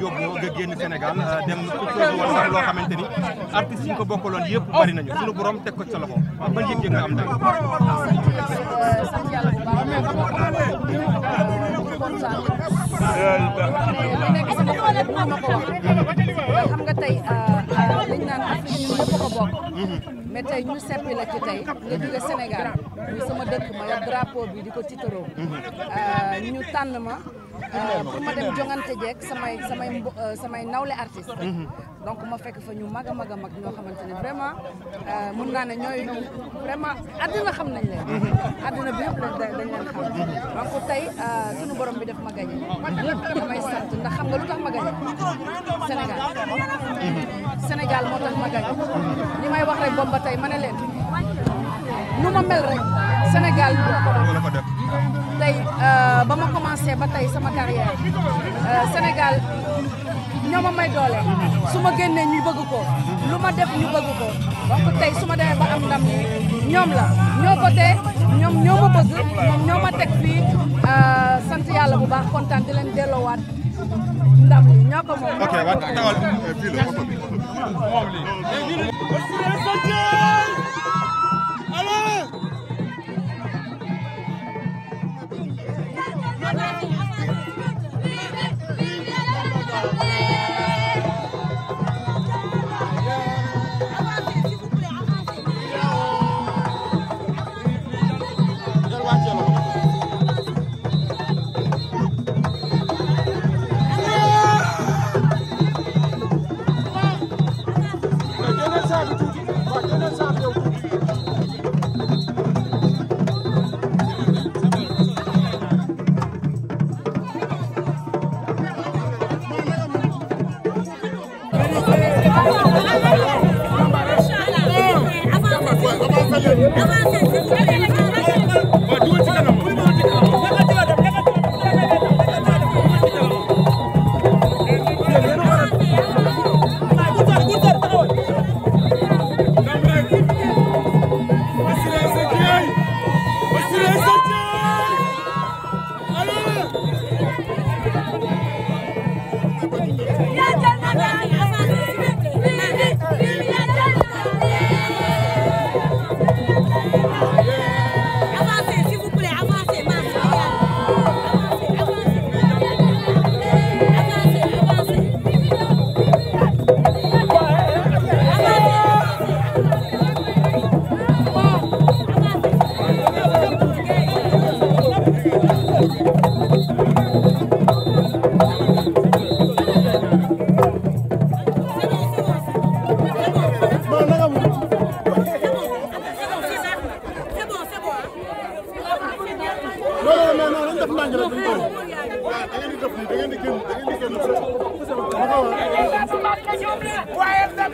yóbbu nga génn Sénégal euh, dem usobi woon ndax loo xamante ni artistes yi ko bokkaloon yëpp bari nañu suñu borom teg ko ci sa euh, euh, mhm. ñu seppi la ci tey nga jóge Sénégal ñu sama dëkk ma yor drapeau bi di ko tiitaroo mhm. ñu tànn ma Euh, pour ma dem jongante jeeg samay samay euh, samay nawle artiste mhm. donc ma fekk fa ñu mag a mag a mag ñoo xamante ne euh, mun naa ne ñooy vraiment àddina xam nañ leen mhm. àddina bi dañ leen xam mhm. borom bi def ma gañe damay sant ndax xam nga lu tax ma gañe Sénégal Sénégal moo tax ma gañe li may wax rek boobu ba tey ma leen nu ma mel rek Sénégal tey euh, ba ma commencé ba tey sama carrière euh, Sénégal ñoo ma may doole su ma génnee ñu bëgg ko lu ma def ñu bëgg ko donc tey su ma demee ba am ndam ñoom la ñoo voté ñoom ñoo ma bëgg ñoom ñoo ma teg fii euh, sant yàlla bu baax kontaan di leen delloowaat ndam ñoo ko moom. ok waaw taxawal fii la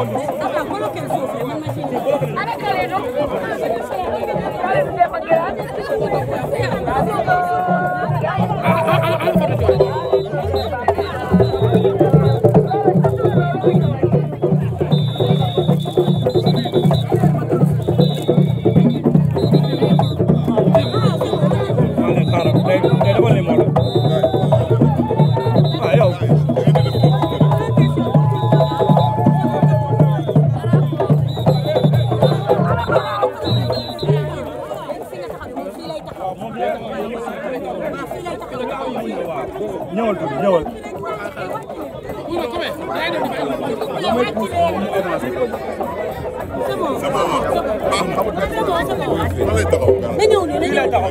Ahora, ñëwal tuuti ñëwal. na ñëw nii na ñëw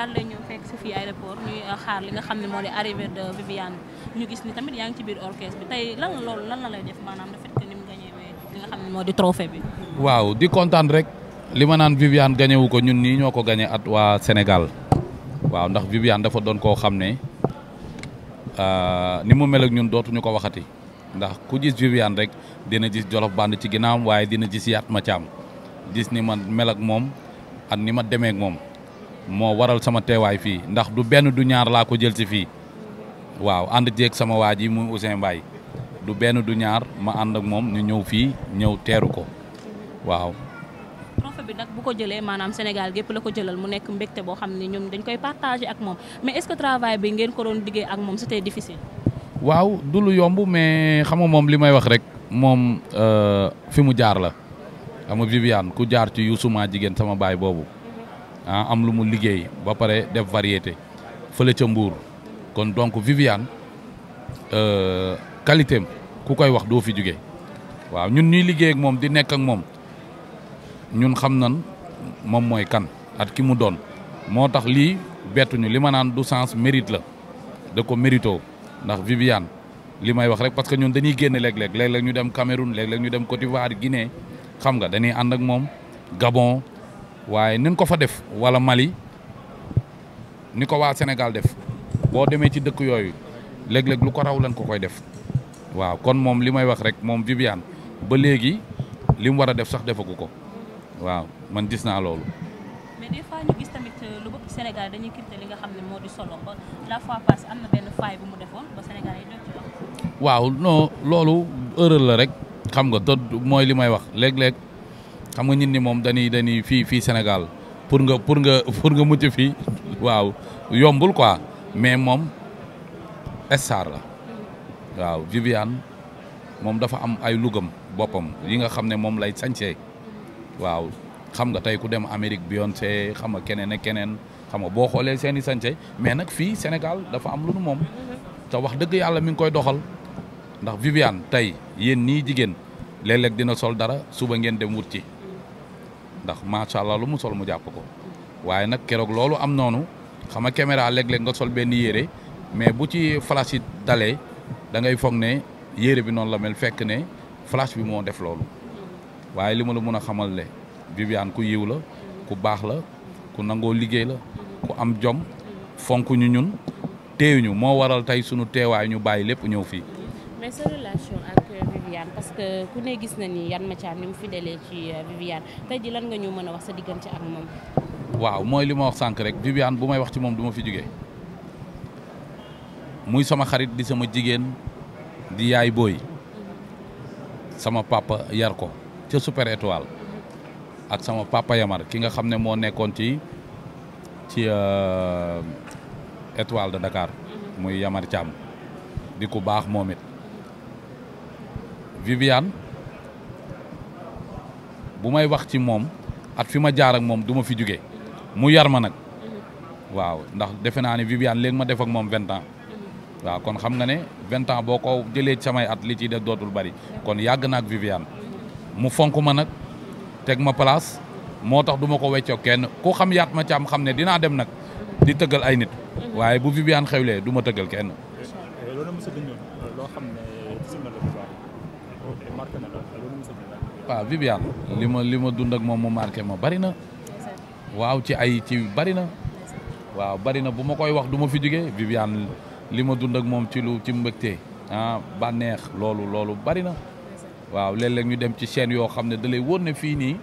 daal la fekk si fii aéroport ñuy euh, xaar li nga xam ne moo di arrivée de Viviane ñu gis ni tamit yaa ngi ci biir orchestre bi tey lan loolu lan la lay def maanaam dafa fekk ni mu li nga xam ne moo di trophée bi. waaw di kontaan rek li ma naan Viviane gañewu ko ñun nii ñoo ko gagné at waa Sénégal waaw ndax Viviane dafa doon koo xam ne euh, ni mu melek ak ñun dootuñu ko waxati ndax ku gis Viviane rek dina gis Jolof Band ci ginnaawam waaye dina gis Yaat Mathiam gis ni ma mel moom ak ni ma demee moom. moo waral sama teewaay fii ndax du benn du ñaar laa ko jël si fii waaw ànd jeeg sama waa ji muy Ousseyn Mbaye du benn du ñaar ma ànd ak moom ñu ñëw fii ñëw teeru ko waaw. trophée bi nag bu ko jëlee maanaam Sénégal gépp la ko jëlal mu nekk mbégte boo xam ne ñoom dañ koy partagé ak moom mais est-ce bi ngeen ko doon liggéey ak moom c'était difficile. waaw du lu yomb mais xam nga moom li may wax rek moom euh, fi mu jaar la xam nga ku jaar ci Youssou jigéen sama baay boobu. ah am lu mu liggéey ba pare def variété fële ca Mbour kon donc Viviane euh, qualité am ku koy wax doo fi jóge waaw ñun ñuy liggéey ak moom di nekk ak moom ñun xam nan moom mooy kan at ki mu doon moo tax lii bettuñu li ma naan du sens mérite la da ko méritoo ndax Viviane li may wax rek parce que ñun dañuy génn léeg-léeg léeg-léeg ñu dem Cameroun léeg-léeg ñu dem Côte d'Ivoire Guinée xam nga dañuy ànd ak moom Gabon waaye nin ko fa def walla Mali ni ko waa Sénégal def boo demee ci dëkk yooyu léeg lu ko raw lan ko koy def waaw kon moom li may wax rek moom Viviane ba léegi li mu war a def sax defagu ko waaw man gis naa loolu. Euh, la fois passée am na benn faay bu mu defoon ba Sénégal yi doon ci wax. waaw non loolu erreur la rek xam nga te mooy li may wax léeg-léeg. xam nga nit ni moom dañuy dañuy fii fii Sénégal pour nga pour nga pour nga mucc fii waaw yombul quoi mais moom star la waaw Viviane moom dafa am ay lugam boppam yi nga xam ne moom lay sañsee waaw xam nga tey ku dem Amérique Beyoncé xam nga keneen ak keneen xam nga boo xoolee seen i sañse mais nag fii Sénégal dafa am lu nu moom te wax dëgg yàlla mi ngi koy doxal ndax Viviane tey yéen nii jigéen léeg dina sol dara suba ngeen dem wut ci ndax macha allah lu mu sol mu jàpp ko waaye nag keroog loolu am noonu xam nga caméra léeg-léeg nga sol benn yére mais bu ci flash dalee da ngay foog ne yére bi noonu la mel fekk ne flash bi moo def loolu waaye li ma la mën a xamal ne Viviane ku yiw la ku baax la ku nangoo liggéey la ku am jom fonk ñu ñun teewuñu moo waral tey sunu teewaay ñu bàyyi lépp ñëw fii. Viviane ku ne gis na ni Yann Mathiane ni mu fidèle ci euh, Viviane tey ji nga ñu mën a wax sa diggante ak moom. waaw mooy li ma wax sànq rek Viviane bu may wax ci moom du ma fi jógee muy sama xarit di sama jigéen di yaay booy sama papa yar ko ca Super Étoile ak sama papa Yamar ki nga xam ne moo nekkoon ci ci euh, Étoile de Dakar mm-hmm. muy Yamar Thiam di ku baax moom Viviane bu may wax ci moom at fi ma jaar ak moom duma ma fi jóge mu yar ma nag waaw ndax defe naa ne Viviane léegi ma def moom vingt ans waaw kon xam nga ne vingt ans boo ko jëlee samay at li ciy def dootul bari kon yàgg na ak Viviane mu fonk ma nag teg ma place moo tax duma ko weccoo kenn ku xam yaat ma caam xam ne dinaa dem nag di tëggal ay nit waaye bu Viviane xewle du ma tëggal kenn. Eh, waaw Viviane li ma li ma dund ak moom mu marqué ma bari na waaw ci ay ci bari na waaw bari na bu ma koy wax du ma fi jógee Viviane li ma dund ak moom ci lu ci mbëgte ah bànneex loolu loolu bari na waaw léeg-léeg ñu dem ci chaîne yoo xam ne dalay lay wóor ne fii nii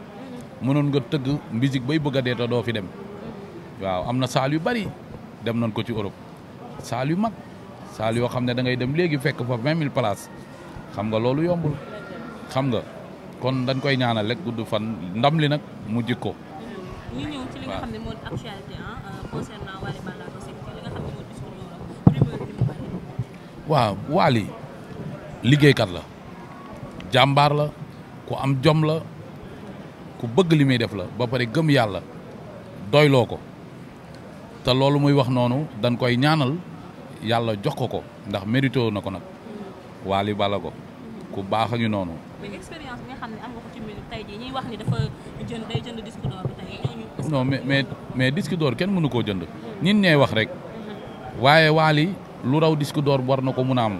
mënoon nga tëgg musique bay bëgg a dee doo fi dem waaw am na saal yu bari dem nañ ko ci Europe saal yu mag saal yoo xam ne dangay dem léegi fekk fa vingt xam nga loolu yombul xam nga. kon dañ koy ñaanal rek gudd fan ndam li nag mu jikko ko ñëw ci ah, euh, euh, waaw Wally liggéeykat la jàmbaar la ku am jom la ku bëgg li muy def la ba pare gëm yàlla doyloo ko te loolu muy wax noonu dañ koy ñaanal yàlla jox ko ko ndax mérito na ko nag bala ko ku baax a ngi noonu. mais expérience bi mais mais mais disque d'or kenn mënu koo jënd. ñin ñooy wax rek. waaye Wally lu raw disque d'or war na ko mun a am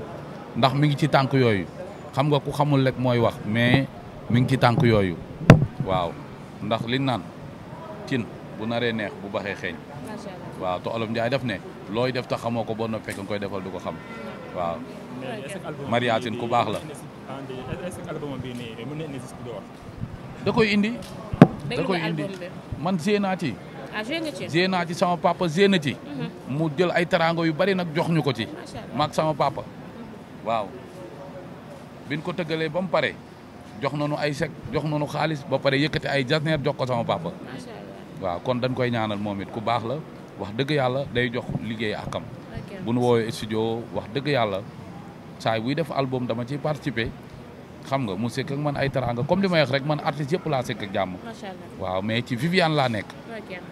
ndax mi ngi ci tànk yooyu xam nga ku xamul rek mooy wax mais mi ngi ci tànk yooyu waaw ndax liñ naan cin bu naree neex bu baxee xeeñ. waaw te olof Ndiaye def ne looy def ta xamoo ko boo na fekk koy defal du ko xam waaw. Marie ku baax la. da koy indi. da koy indi man géé ci. ah ci sama papa géé ci. Mhm. mu jël ay taraango yu bari nag jox ñu ko ci. maak sama papa. waaw biñ ko tëggalee ba mu pare jox na nu ay chèque jox nu xaalis ba pare yëkkati ay jasneer jox ko sama papa. waaw kon dañ koy ñaanal moom it ku baax la wax dëgg yàlla day jox liggéey akam. bu nu woowee studio wax dëgg yàlla. saay buy def album dama ciy participer xam nga mu sekk ak man ay teraanga comme li may wax rek man artiste yëpp laa sekk ak jàmm. waaw mais ci Viviane laa nekk.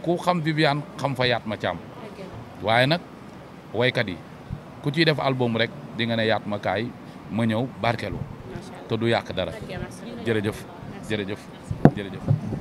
ku xam Viviane xam fa yaat ma càmm. waaye nag woykat yi ku ciy def album rek di nga ne yaat ma kaay ma ñëw barkelu te du yàq dara. jërëjëf jërëjëf.